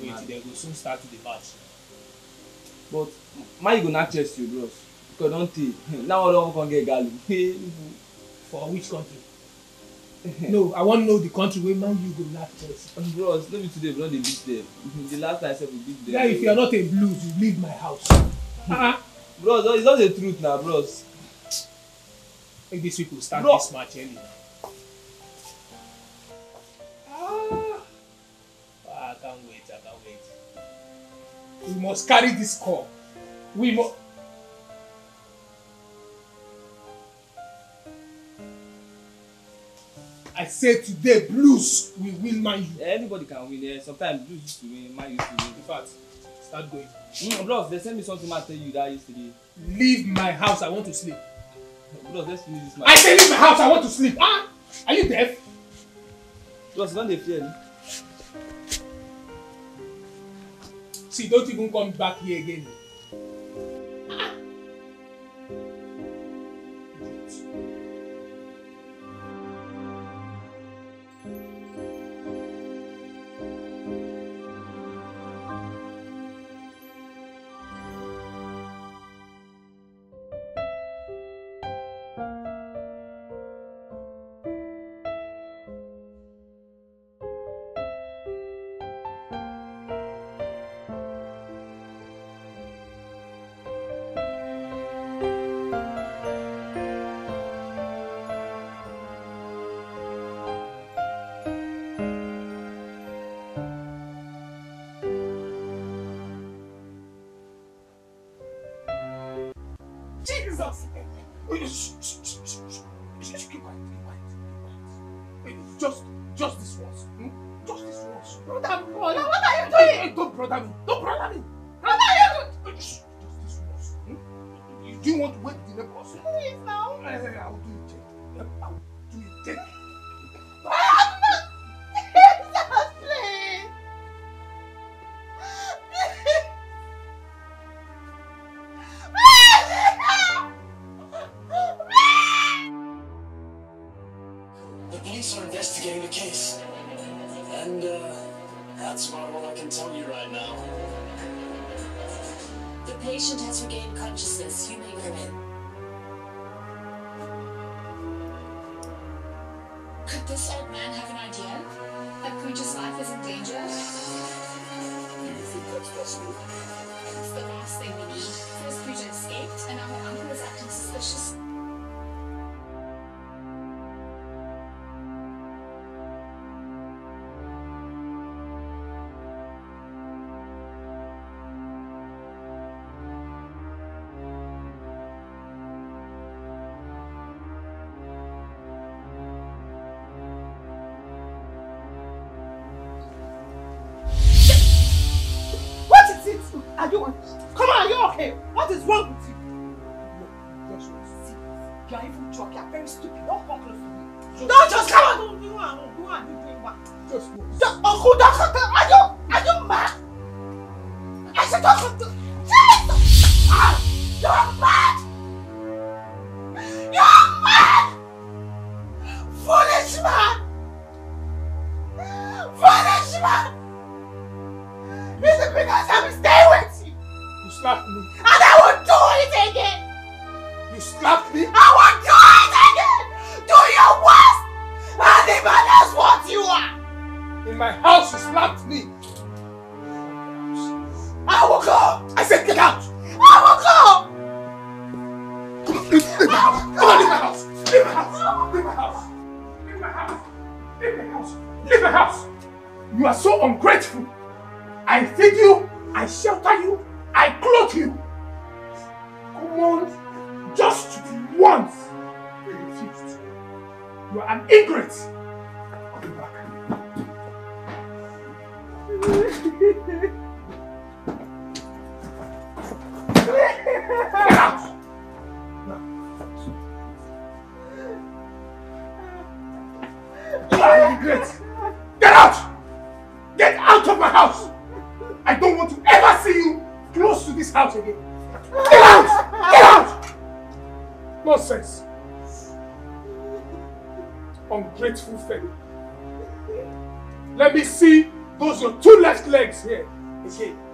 wait dem go soon start the match. but my you go knack chest you bros because don tey now all of us come get gallon. for which country. no i wan know the country wey man you go knack chest. Mm, bros no be today we don dey beat dem the last time sef we beat dem. Yeah, if you are not a blues you leave my house. Uh-huh. bros it's not the truth na bros. make these people start bro. this match early. we must carry this call we must. I say today blues will win Man U. Yeah, anybody can win. Yeah. Sometimes blues used to win, Man U used to win. In fact, start going. Mm, bros, they send me something I tell you that yesterday. Leave my house, I want to sleep. Bros, let's finish this match. I say leave my house, I want to sleep. Ah, are you deaf? Bros, don't they fear me? See, don't even come back here again. Ah. Jesus. Shh, keep quiet, keep quiet, keep quiet. Just, just this once. Hmm? Just this once. Brother, brother, what are you doing? Hey, don't brother me. Don't brother me. are you. Just this once. Do hmm? you want to wait the neighbors? Please now. I will do it. I will do it. police are investigating the case. And, uh, that's about all I can tell you right now. The patient has regained consciousness. You may come in. Could this old man have an idea? That Pooja's life is in danger? Do you think that's possible? It's the last thing we need. First Pooja escaped, and now her uncle is acting suspicious. are you Come on, are you okay? What is wrong with you? Yes, yes, yes. You are even drunk. You are very stupid. Don't come close to me. Just, no, just come on. Don't do one. Don't do one. You doing one. Just move. Just, uncle, that's not. Are you? Are you mad? I said, just. Jesus! Ah, You're mad. slapped me. And I will do it again. You slapped me? I will do it again. Do your worst. And even that's what you are. In my house, you slapped me. I will go. I said get out. I will go. Come on, Come on, leave my house. Leave my house. Leave my house. Leave my house. Leave my house. Leave my house. You are so ungrateful. I feed you. I shelter you. I clothe you. Come on, just once. You are an ingrate. Come back. Get out! No. You are an ingrate. this house again. Get out! Get out! Nonsense. Ungrateful fellow. Let me see those your two left legs here Okay.